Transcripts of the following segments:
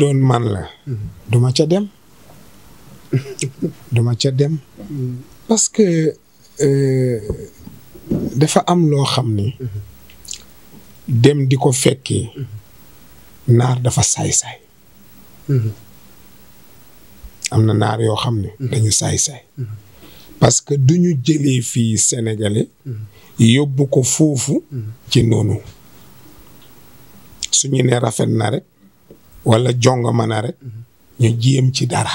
doon man la mm-hmm. duma ca dem duma ca dem mm-hmm. parce que euh, dafa am loo xam ni mm-hmm. dem di ko fekki naar dafa saay-saay am na naar yoo xam ne dañu saay-saay parce que du ñu jëlee fii sénégalais yóbbu ko foofu ci noonu su ñu ne rafet na rek wala jonga mën a rek ñu jéem ci dara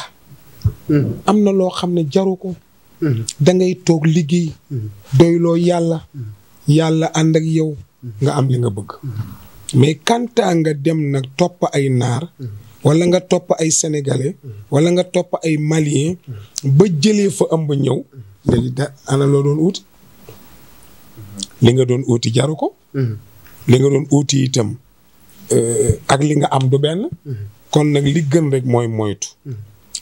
mm-hmm. am na loo xam ne jaru ko mm-hmm. da ngay toog liggéey mm-hmm. doyloo yàlla yàlla ànd ak yow nga am li nga bëgg mais kanta nga dem nag topp ay naar wala nga topp ay sénégalais wala nga topp ay malien ba jëlee fa am ba ñëw léegi doon uuti li nga doon uuti jaru ko li nga doon uuti itam Euh, ak li nga am du benn. kon nag li gën rek mooy moytu.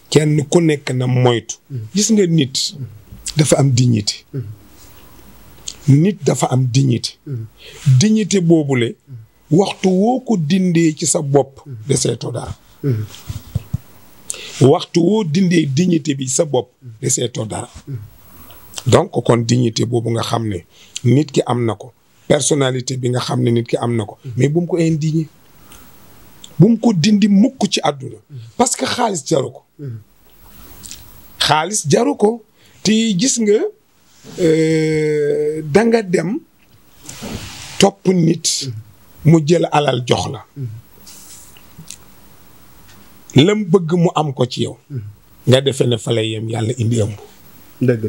kenn ku nekk na moytu. gis nga nit. dafa am dignité. nit dafa am dignité. dignité boobule. waxtu woo ko dindee ci sa bopp. deseetoo dara. waxtu woo dindee dignité bi sa bopp. deseetoo dara. donc kon dignité boobu nga xam ne nit ki am na ko. personnalité bi nga xam ne nit ki am na ko mais bu ko indigné bu mu ko dindi mukk ci àdduna parce que xaalis jaru ko xaalis jaru ko te gis nga euh, da nga dem topp nit mu jël alal jox la lam bëgg mu am ko ci yow nga defee ne fa lay yem yàlla indi ëmb dëgg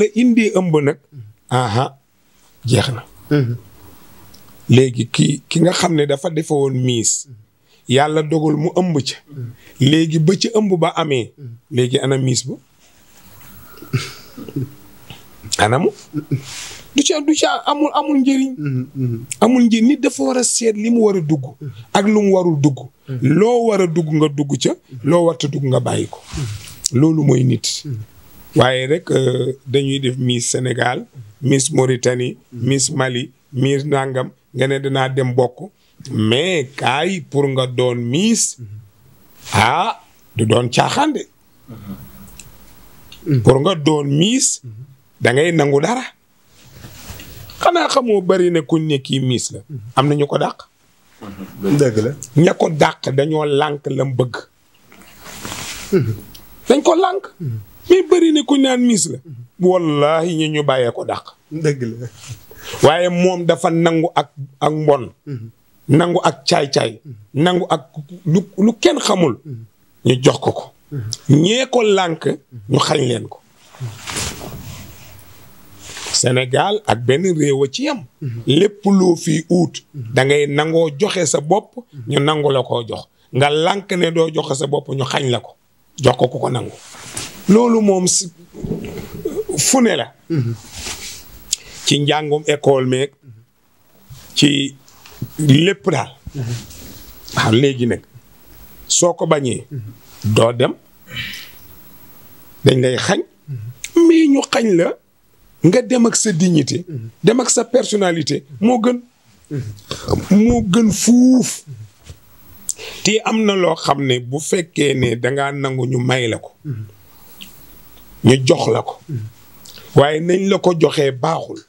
la indi ëmb nag aha jeex na. Mm-hmm. léegi ki ki nga xam ne dafa defe miis. Mm-hmm. yàlla dogal mu ëmb ca. Mm-hmm. léegi ba ci ëmb ba amee. léegi ana miis ba. anamu. du ca du ca amul amul njëriñ. amul njëriñ nit dafa war a seet li mu war a dugg. ak lu mu warul dugg. loo war a dugg nga dugg ca. loo warta dugg nga bàyyi ko. loolu mooy nit. waaye rek euh, dañuy def Miss Sénégal Miss Mauritanie Miss Mali Miss Nangam nga ne danaa dem bokk mais kaay pour nga doon Miss ah du doon caaxaan mm-hmm. pour nga doon miis da ngay nangu dara xanaa xamoo bari na kuñ ne kii Miss la mm-hmm. am na ñu ko dàq. Mm-hmm. dëgg la ña ko dàq dañoo lànk lam bëgg. dañ ko lànk. mais bëri na naan mis la. wallaahi ñu ñu bàyyee ko dàq. dëgg waaye moom dafa nangu ak ak mbon. nangu ak caay-caay. nangu ak lu kenn xamul. ñu jox ko ko. ñeeko ko lànk ñu xañ leen ko. senegal ak benn réew a ci yam lépp loo fi uut. da nangoo joxe sa bopp. ñu nangu la ko jox nga lànk ne doo joxe sa bopp ñu xañ la ko jox ko ku ko nangu. loolu moom si fu ne la. ci njàngum école meek ci lépp daal. waaw léegi nag soo ko bañee. doo dem dañ lay xañ. mais ñu xañ la nga dem ak sa dignité. dem ak sa personalité moo gën. moo gën fuuf. ti am na loo xam ne bu fekkee ne dangaa nangu ñu may la ko. ñu jox la ko waaye nañ la ko joxee baaxul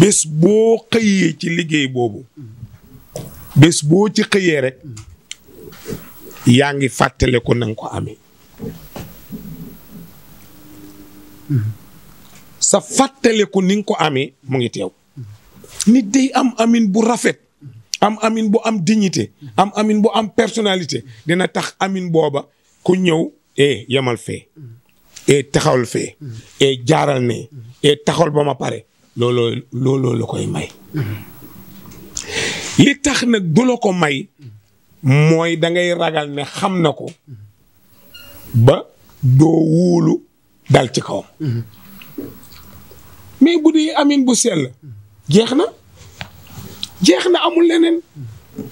bés boo xëyee ci liggéey boobu bés boo ci xëyee rek yaa ngi fàttale ko nanga ko amee sa fàttaleku ni nga ko amee mu ngi teew nit day am amin bu rafet am amin bu am dignité am amin bu am personnalité dina tax amin booba ko ñëw eh yamal fee et taxawal fee et jaaral ne et taxawal ba ma pare looloo looloo koy may li tax nag du ko may mooy da ngay ragal ne xam na ko ba doo wóolu dal ci kawam mais bu dee amin bu la jeex na jeex na amul leneen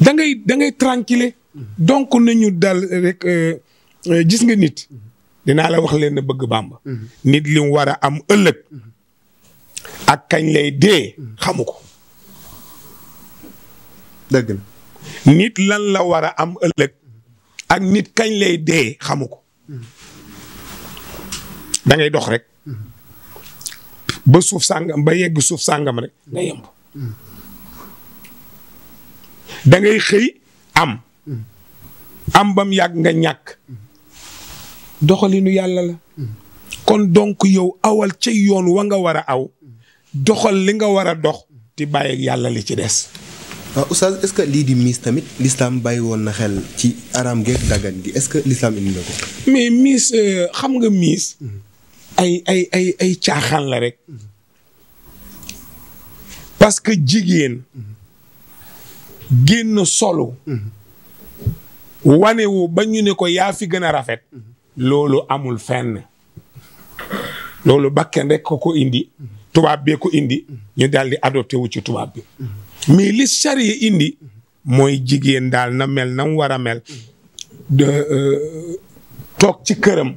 da ngay da ngay tranquille donc nañu dal euh, euh, gis nga nit dinaa la wax leen na bëgg Bàmba mhm. nit li mu war a am ëllëg mhm. ak kañ lay dee mhm. xamu ko dëgg la nit lan la war a am ëllëg ak nit kañ lay dee xamu ko dangay dox rek ba suuf sàngam ba yegg suuf sàngam rek nga da ngay xëy am am bam yàgg nga ñàkk doxalinu yàlla la. kon donc yow awal ca yoon wa nga war a aw doxal li nga war a dox di bàyyi yàlla li ci des. waaw ah, oustaz est-ce que lii di miis tamit l'islam bàyyi woon na xel ci araam geeg dagan gi est-ce que l'islam indi na ko. mais miis euh, xam nga miis. ay ay ay caaxaan la rek. parce que jigéen. génn solo. Mm-hmm. wane ba ñu ne ko yaa fi gën a rafet. Mm-hmm. loolu amul fenn loolu bakken rek ko ko indi tubaab bee ko indi ñu daal di adopté wu ci tubaab bi mais li charia indi mooy jigéen daal na mel na mu war a mel de euh, toog ci këram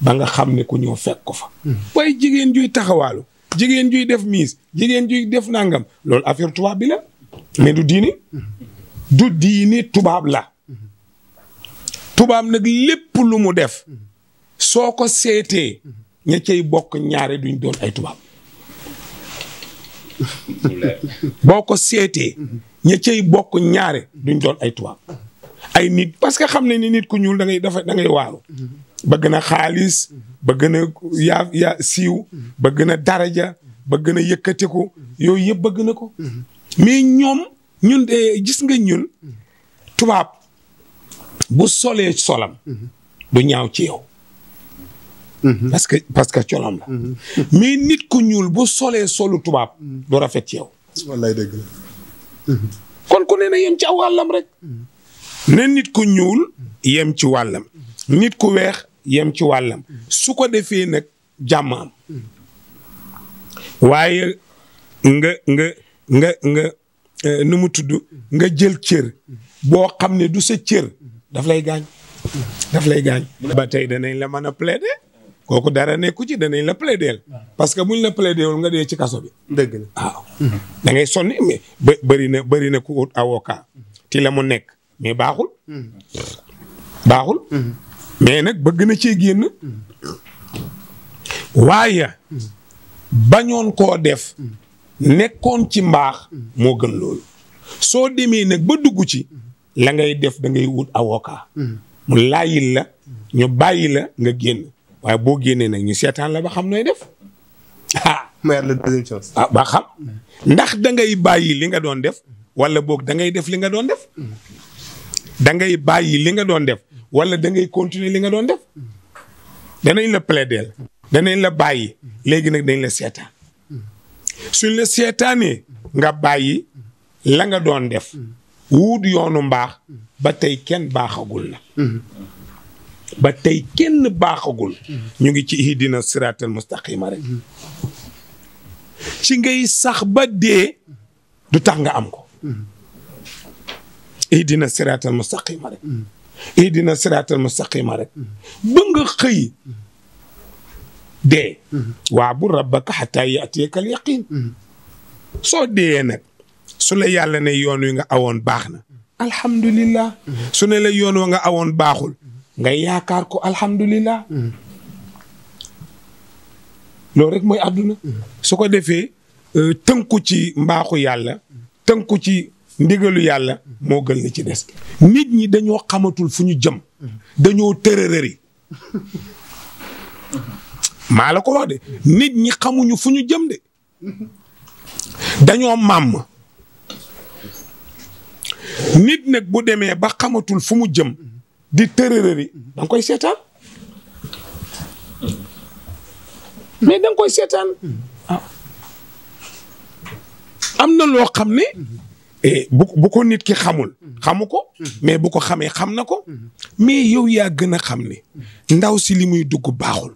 ba nga xam ne ku ñëw fekk ko fa waaye jigéen juy taxawaalu jigéen juy def miis jigéen juy def nangam loolu affaire tubaab bi la mais du diini du diini tubaab la tubaab nag lépp lu mu def soo ko seetee ña cay bokk ñaare duñ doon ay tubaab boo ko seetee ña cay bokk ñaare duñ doon ay tubaab ay nit parce que xam ne ni nit ku ñuul dangay ngay da ngay waaru bëgg na xaalis bëgg na yaa yaa siiw bëgg na daraja bëgg na yëkkatiku yooyu yëpp bëgg na ko mais ñoom ñun de gis nga tubaab bu solee solam du ñaaw ci yow mm-hmm. parce que parce que colam la mm-hmm. mais nit ku ñuul bu solee solu tubaab du rafet ci yow wallaay dëgg la mm-hmm. kon ku ne na yem ci aw wàllam rek ne nit ku ñuul yem ci wàllam nit ku weex yem ci wàllam su ko defee nag jàmm waaye nga nga nga nga eh, nu mu tudd nga jël cër boo xam ne du sa cër daf lay gaañ. daf lay gaañ. ba tey danañ la mën a plaider. kooku dara nekku ci danañ la plaider. parce que buñ la plaider wul nga dee ci kaso bi. dëgg la waaw. da ngay sonni mais bëri na bëri na ku ut avocat. ti la mu nekk mais baaxul. baaxul. mais nag bëgg na cee génn. waaye. bañoon koo def. nekkoon ci mbaax. moo gën loolu. soo demee nag ba dugg ci. la ngay def da ngay wut avocat. Hmm. mu laayil la ñu bàyyi la nga génn waaye boo génnee nag ñu seetaan la ba xam nooy def ah. maire la deuxième chose. ah ndax da ngay bàyyi li nga doon def wala boog dangay def li nga doon def hmm. da ngay bàyyi li nga doon def wala da ngay continuer li nga doon def danañ la plaider danañ la bàyyi léegi nag dañ la seetaan hmm. suñ la seetaanee nga bàyyi la nga doon def. wuut yoonu mbaax ba tey kenn baaxagul na ba tey kenn baaxagul ñu ngi ci ihdina siraatal mustaqima rek ci ngay sax ba dee du tax nga am ko ihdina siraatal mustaqima rek ihdina siraatal mustaqima rek ba nga xëy dee waa bu rabbaka xataa yaatiyaka al yaqin soo dee nag su la yàlla na yoon wi nga awoon baax na alhamdulillah su ne la yoon wa nga awoon baaxul nga yaakaar ko alhamdulillah loolu rek mooy àdduna su ko defee euh, tënku ci mbaaxu yàlla tënku ci ndigalu yàlla moo gën la ci des nit ñi dañoo xamatul fu ñu jëm dañoo tërërëri maa la ko wax de nit ñi xamuñu fu ñu jëm de dañoo màmm nit nag bu demee ba xamatul fu mu jëm di tërërëri da koy seetaan mais da nga koy seetaan ah. am na loo xam ne eh, bu bu ko nit ki xamul xamu ko mais bu ko xamee xam na ko mais yow yaa gën a xam ne ndaw si li muy dugg baaxul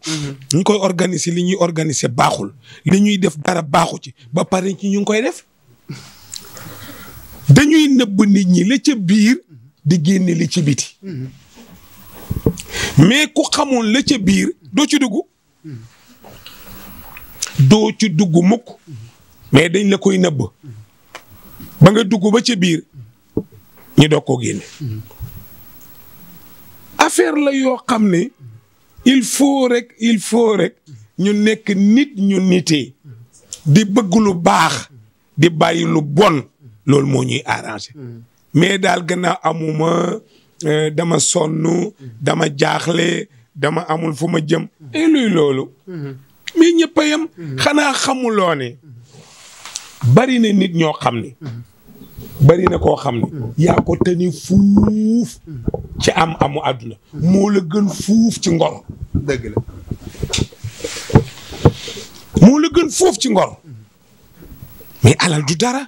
ñu koy organiser li ñuy organiser baaxul li ñuy def dara baaxu ci ba pare ci ñu ngi koy def dañuy nëbb nit ñi la ca biir di génne li ci biti mais ku xamoon la ca biir doo ci dugg doo ci dugg mukk mais dañ la koy nëbb ba nga dugg ba ca biir ñu doog koo génne affaire la yoo xam ne il faut rek il faut rek ñu nekk nit ñu nitee di bëgg lu baax di bàyyi lu bon loolu moo ñuy arrangé. Mm. mais daal gannaaw amuma euh, dama sonn mm. dama jaaxle dama amul fu ma jëm. Mm. et loolu. Mm-hmm. mais ñëpp a yem. Mm-hmm. xanaa xamuloo ne. Mm-hmm. bari na nit ñoo xam ne. bari na koo xam ne. yaa ko tani fuuf. ci am amu àdduna. moo gën fuuf ci ngor. dëgg la. moo gën fuuf ci ngor. mais alal du dara.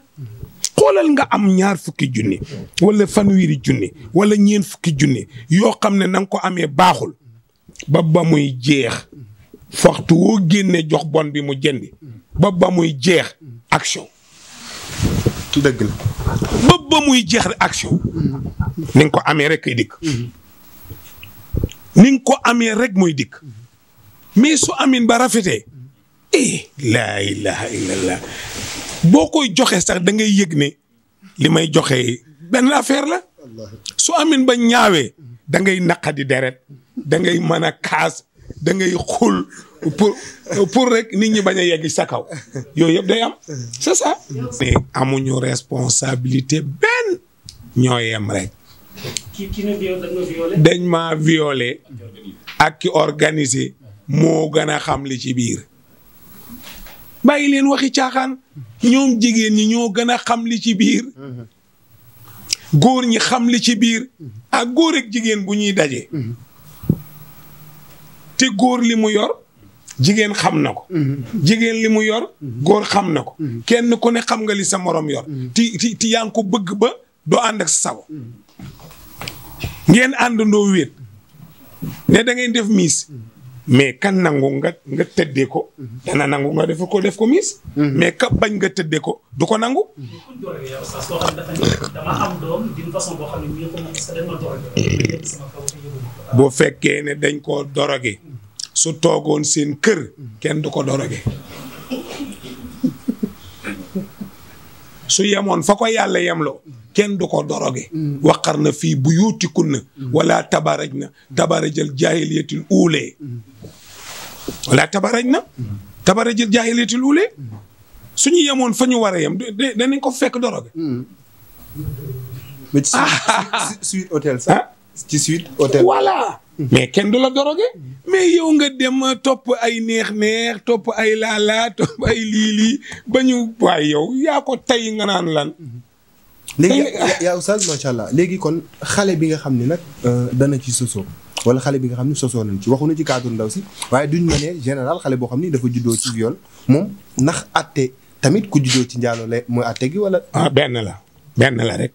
xoolal nga am ñaar fukki junni fan fanweeri junni wala ñeen fukki junni yoo xam ne na nga ko amee baaxul ba muy jeex waxtu woo génne jox bon bi mu jëndi ba ba muy jeex action. dëgg muy jeex action. ni ko amee rek ko amee rek muy dikk. mais su amin ba rafetee. eh laa ilaha illallah boo koy joxe sax dangay ngay yëg ne li may joxe benn affaire la su amin ba ñaawee da ngay naqadi deret dangay ngay mën a kaas da ngay xul pour pour rek nit ñi bañ a yegg sa kaw yooyu yëpp day am c'est ça. amuñu responsabilité benn ñoo yem rek. dañ maa violé ak ki organisé moo gën a xam li ci biir. bàyyi leen waxi caaxaan ñoom jigéen ñi ñoo gën a xam li ci biir góor ñi xam li ci biir ak góor ak jigéen bu ñuy daje te góor li mu yor jigéen xam na ko jigéen li mu yor góor xam na ko kenn ku ne xam nga li sa moroom yor ti ti ti bëgg ba doo ànd saw sa sago ngeen àndandoo wéet ne da ngay def miis mais kan nangu nga nga tëddee ko. dana nangu nga def ko def ko miis. Mhm. mais ka bañ nga tëddee ko du ko nangu. Mhm. bu fekkee ne dañ koo doroge. su toogoon seen kër kenn du ko doroge. su yemoon fa ko yàlla yemloo kenn du ko doroge mm. waqar na fii bu yuutikun na mm. wala tabaraj na tabarajal jaahiliyatil uulee mm. wala tabaraj na tabarajal jaahiliyatil uulee ñu yemoon fa ñu war a yem danañ ko fekk doroge mais ci suite ci suite hôtel voilà mais kenn du la doroge mais yow nga dem topp ay neex-neex topp ay laala topp ay lii ba ñu waaye yow yaa ko tey nga naan lan léegi yaa oustaz macha allah léegi kon xale bi nga xam ni nag euh, dana ci sosoo wala xale bi nga xam ne sosoo nañ ci waxu waxuñu ci cadre ndaw si waaye duñ ma ne général xale boo xam ni dafa juddoo ci yoon moom ndax atte tamit ku juddoo ci njaaloo la mooy atte gi wala ah, benn la benn la rek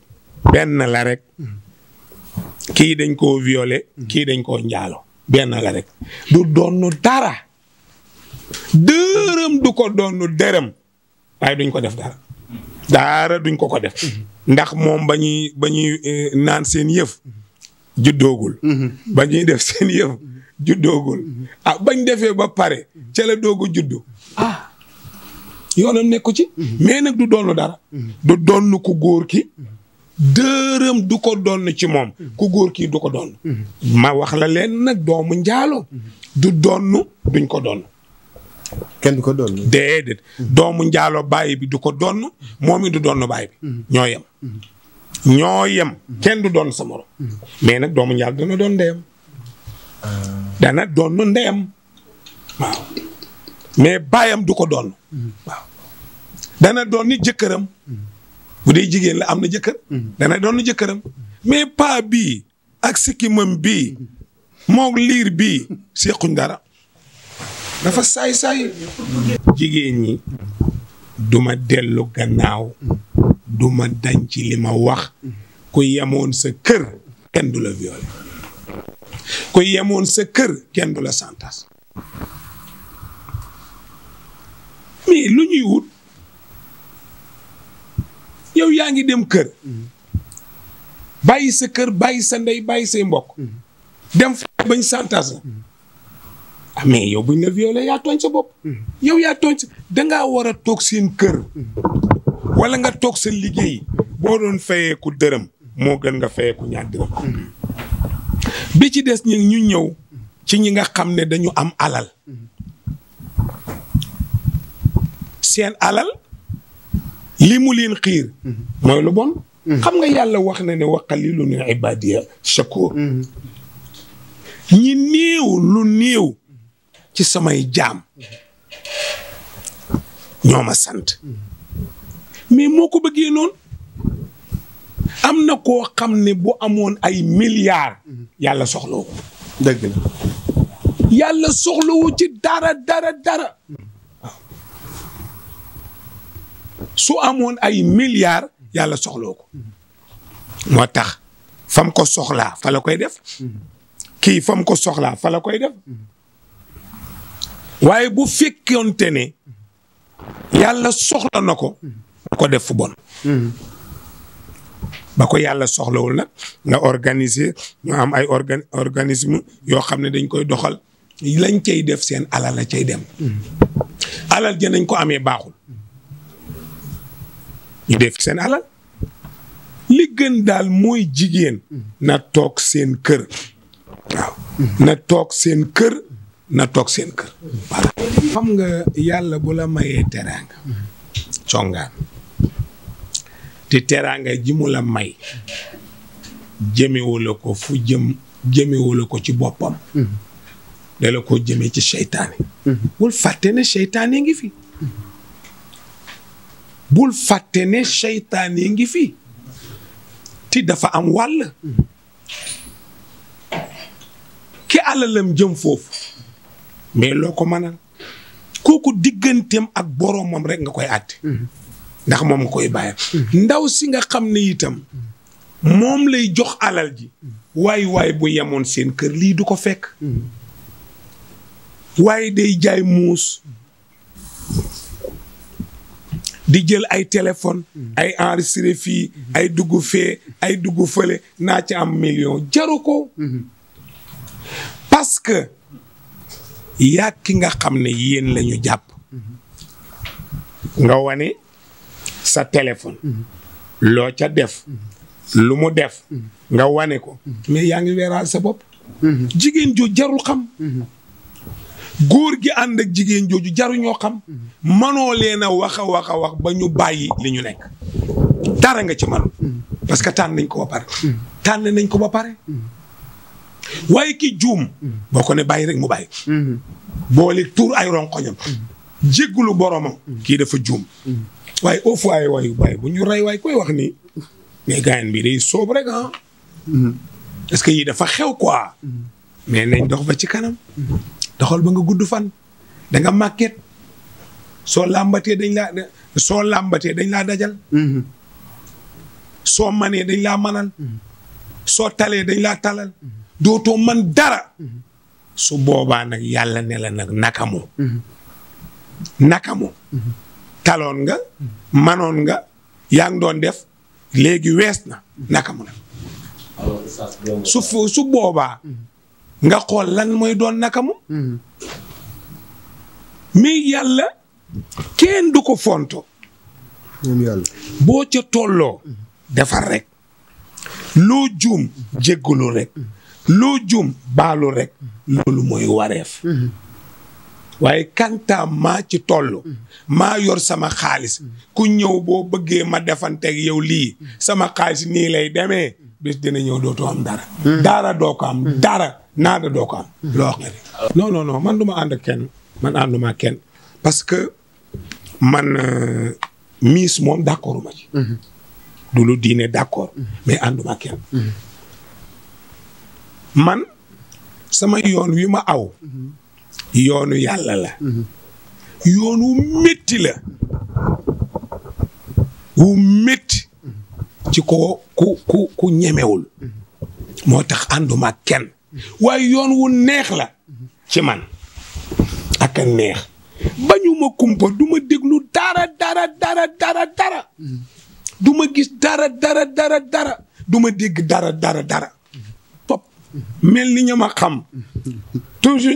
benn la rek kii dañ koo violé kii dañ koo njaaloo benn la rek du doonu dara dërëm du ko doonu dërëm waaye duñ ko def dara dara duñ ko ko def ndax moom ba ñuy ba ñuy eh, naan seen yëf juddoogul ba ñuy def seen yëf juddoogul ah bañ defee ba pare ca la doogu juddu ah yoonam nekku ci mais nag du doonu dara du doonu ku góor ki dërëm du ko doon ci moom ku góor kii du ko doon ma wax la leen nag doomu njaalo du doon duñ ko doon kenn du ko doon déedéet doomu njaalo baay bi du ko doon moom it du doon baay bi ñoo yem ñoo yem kenn du doon sa morom mais nag doomu njaalo dana doon ndeyam dana doon mais baayam du ko doon waaw dana doon ni jëkkëram bu dee jigéen la am na jëkkër. Mm-hmm. dana doon jëkkëram. mais paa bii ak sikkimam bii mm-hmm. moog liir bii sequñ dara dafa saay saay. jigéen ñi duma dellu gannaaw mm-hmm. duma dañ ci ma wax ku yemoon sa kër kenn du la violé ku yemoon sa kër kenn du la santas mais lu ñuy wut. yow yaa ngi dem kër. Mm-hmm. bàyyi sa kër bàyyi sa ndey bàyyi say mbokk. Mm-hmm. dem fa bañ santas la. Mm-hmm. ah mais yow buñ la yaa tooñ sa bopp. yow yaa tooñ sa dangaa war a toog kër. wala nga toog sa liggéey boo doon fayeeku dërëm moo gën nga fayeeku ñaar dërëm. bi ci des ñi ñu ñëw ci ñi nga xam ne dañu am alal. seen alal. lii mu leen xiir mm-hmm. mooy lu bon mm-hmm. xam nga yàlla wax na ne wa qalilun min ibadiya shakur mm-hmm. ñi néew lu néew ci samay jaam ñoo ma sant mais moo ko bëggee noonu am na koo xam ne bu amoon ay milliards yàlla soxlawu ko dëgg la yàlla soxlawu ci dara dara dara su amone ay milliard yàlla soxloko motax fam ko soxla fa la koy def ki fam ko soxla fa la koy def waye bu fekkonte ne yàlla soxla nako ko def fu bon bako ko yàlla soxlawul nak nga organiser ñu am ay organisme yo xamne dañ koy doxal lañ cey def sen alal la cey dem alal je nañ ko amé baxul ñu def ci seen alal li daal mooy jigéen na toog seen kër na toog seen kër na toog seen kër voilà xam nga yàlla bu la mayee teraanga congaan te teraanga jimula may jëmewula ko fu jëm jëmewula ko ci boppam mm-hmm. dala ko jëmee ci seytaane mm-hmm. bul fàtte ne ngi fi bul fàtte ne seytaan yi ngi fi ti dafa am wàll ki alalam jëm foofu mais loo ko mënal kooku digganteem ak boroomam rekk nga koy àtte ndax moom nga koy bàyyi ndaw si nga xam ne itam moom lay jox alal ji waay waay bu yemoon seen kër lii du ko fekk waaye day jaay muus di jël ay téléphone mm-hmm. ay enregistré fii mm-hmm. ay dugg fee ay dugg fële naa ci am million jaru ko mm-hmm. parce que yaa ki nga xam ne yéen lañu ñu jàpp nga wane sa téléphone loo ca def lu mu def nga wane ko mais yaa ngi weeraal sa bopp jigéen ju jarul xam góor gi ànd ak jigéen jooju jaruñoo xam manoo leen a wax a wax ba ñu bàyyi li ñu nekk tara nga ci man parce que tànn nañ ko ba pare tànn nañ ko ba pare waaye ki juum boo ko ne bàyyi rek mu bàyyi boole tuur ay ronkoñam jéggulu boromam kii dafa juum waaye au foyer waayu bu ñu rey waay koy wax ni mais gaayen bi day soob rek ah parce que yii dafa xew quoi mais nañ dox ba ci kanam doxal ba nga gudd fan da nga soo làmbatee dañ laa làmbatee dañ laa dajal mm-hmm. soo manee dañ laa manal mm-hmm. soo talee dañ laa talal mm-hmm. dootoo man dara su boobaa nag yàlla ne la nag naka moo naka moo taloon nga manoon nga yaa ngi doon def léegi wees na naka mu su boobaa nga xool lan mooy doon naka mu hmm. mais yàlla kenn du ko fonto boo ca tolloo defar rek loo juum jéggalu rek loo jum balu rek loolu mooy wareef hmm. waaye kantaa maa ci toll hmm. maa yor sama xaalis ku ñëw boo bëggee ma defanteeg yow lii sama xaalis nii lay demee bés dina ñëw dootoo am dara dara doo ko am dara naa da doo ko am. wax nga ni non non non man du ma ànd ak kenn man ànduma kenn parce que man euh, miis moom d' accord ma ci. Mhm. du lu diine d' accord mm -hmm. mais ànduma mhm. man sama yoon wi ma aw. Mhm. yoonu yàlla la. yoon wu métti la. wu métti. ci ko ku ku ñemewul. moo tax ànduma kenn. waaye yoon wu neex la ci man ak a neex bañu ma kumpa du duma déglu dara dara dara dara dara gis dara dara dara duma du dégg dara dara dara pop mel ni ña ma xam toujours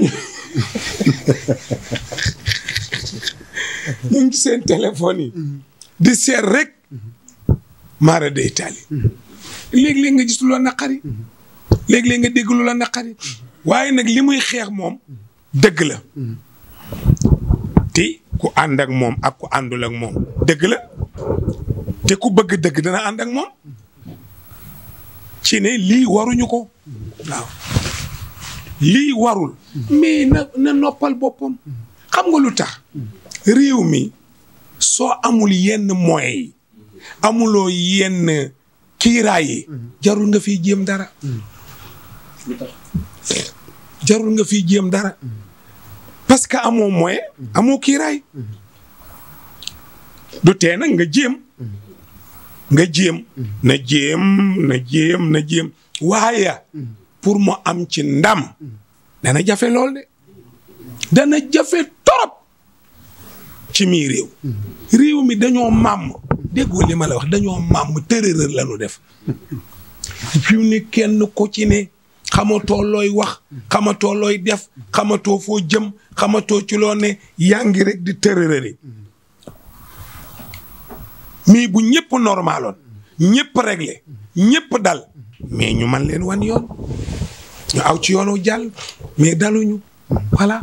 ñu ngi seen téléphone di seet rek maara day taali léeg-léeg nga gis loo naqari léeg nga dégg lu la naqari waaye nag li muy xeex moom dëgg la te ku ànd moom ak ku àndul moom dëgg la te ku bëgg dëgg dana ànd ak moom ci ne lii waruñu ko waaw lii warul mais na na noppal boppam xam nga lu tax réew mi soo amul yenn moyens amuloo yenn kiiraay yi jarul nga fiy jéem dara jarul nga fi jéem dara parce que amoo moyen amoo kiiraay du tee nga jéem nga jéem na jéem na jéem na jéem waaye pour mu am ci ndam dana jafe lool de dana jafe torop ci mii réew réew mi dañoo màmm déggoo li ma la wax dañoo màmm tërërër la ñu def fi mu ne kenn ko ci ne xamatoo looy wax xamatoo looy def xamatoo foo jëm xamatoo ci loo yaa ngi rek di tërërëri mi bu ñëpp normaloon ñëpp réglé ñëpp dal mais ñu man leen wan yoon ñu aw ci yoonu jàll mais daluñu voilà